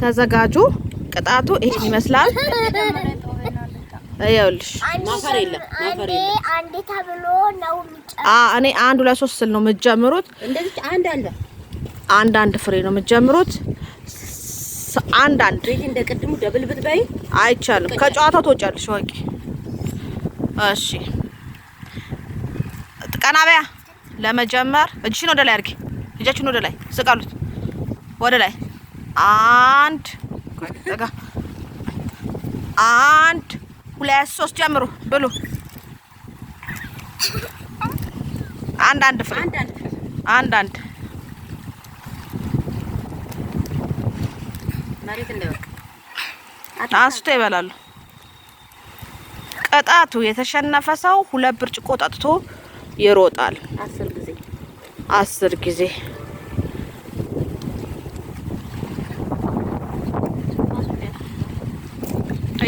ተዘጋጁ። ቅጣቱ ይሄ ይመስላል። ይኸውልሽ ማፈር የለም ማፈር የለም። አንዴ ተብሎ ነው የሚጨምሩት። አዎ እኔ አንድ ሁለት ሶስት ስል ነው የምትጀምሩት። እንደዚህ አንድ አንድ አንድ አንድ ፍሬ ነው የምትጀምሩት። አንድ አንድ ቤት እንደ ቅድሙ ደብል ብትበይ አይቻልም። ከጨዋታው ትወጫለሽ። ወቂ እሺ። ቀናበያ ለመጀመር እጅሽን ወደ ላይ አድርጊ። እጃችን ወደ ላይ ስቃሉት፣ ወደ ላይ አንድ አንድ ሁለት ሶስት ጀምሩ ብሉ። አንድ አንድ ፍሬ አንድ አንድ አንስቶ ይበላሉ። ቅጣቱ የተሸነፈ ሰው ሁለት ብርጭቆ ጠጥቶ ይሮጣል አስር ጊዜ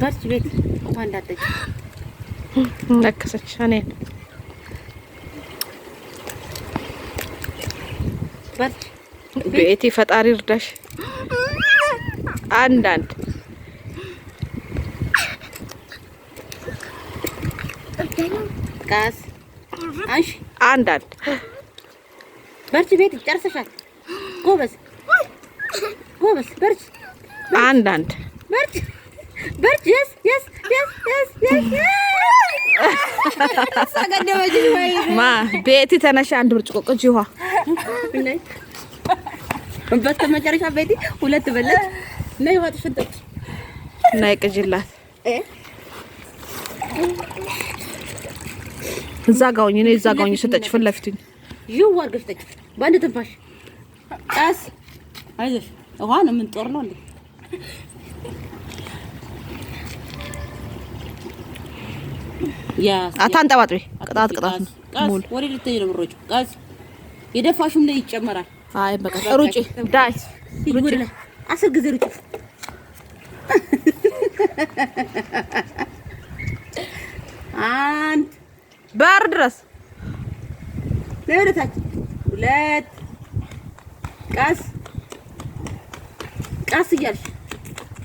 በርች ቤት ውሃ ቤቲ ፈጣሪ እርዳሽ። አንዳንድ ቃስ አንሺ አንዳንድ በርች ቤት ጨርሰሻል። ጎበዝ ጎበዝ በርች አንድ አንድ ማ ቤቲ ተነሽ፣ አንድ ብርጭቆ ቅጂ ውሃ። በስተመጨረሻ ቤቲ ሁለት በለች። ነይ ውሃ ትሽጠጭ፣ ነይ ቅጂላት። እዛ ጋር ሁኚ፣ እዛ ጋር ሁኚ። ፊት ለፊት ይኸው አድርገሽ ጠጪ፣ በአንድ ትንፋሽ። ቀስ አይዞሽ። ውሃ ነው የምንጦር ነው እንዴ? አታንጠባጥሪ። ቅጣት ቅጣት ነው። ወደ ልትሄጂ ነው የምትሮጪው? ቀስ የደፋሽም ላይ ይጨመራል። አይ በቃ ሩጪ፣ ዳይ ሩጪ፣ አስር ጊዜ ሩጪ። አንድ በር ድረስ ለወደታች፣ ሁለት ቀስ ቀስ እያልሽ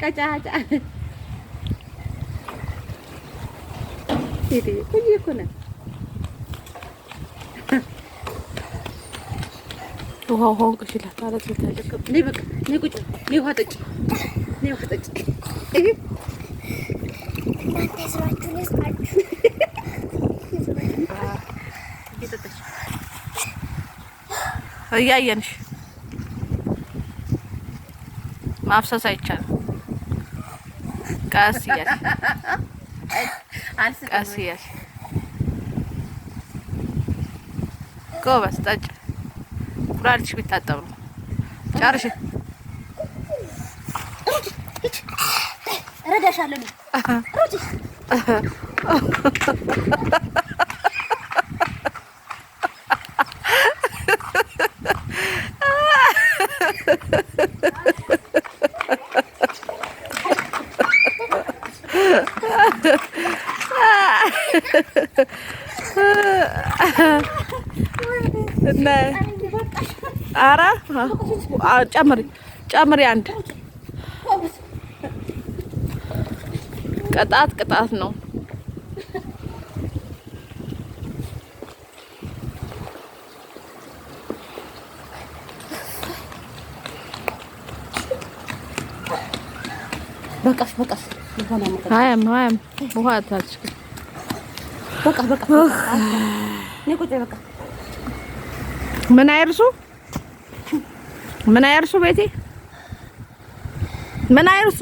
ቀጫጫ ቆይ እኮ ነው። ውሃ ውሃውን ቅሽላት ውሃ ውሃ እያየንሽ ማፍሰስ አይቻልም። ቀስ እያልሽ ቀስ እያልሽ ጎበዝ ጠጭ። ኩላሊትሽ ቢታጠብ ነው ጨርሽ። እረዳሻለሁ ኧረ ጨምሪ ጨምሪ። አንድ ቅጣት ቅጣት ነው። በቃሽ በቃሽ። ውሃ ታች በቃ በቃ ምን አይርሱ ምን አይርሱ ቤቴ ምን አይርሱ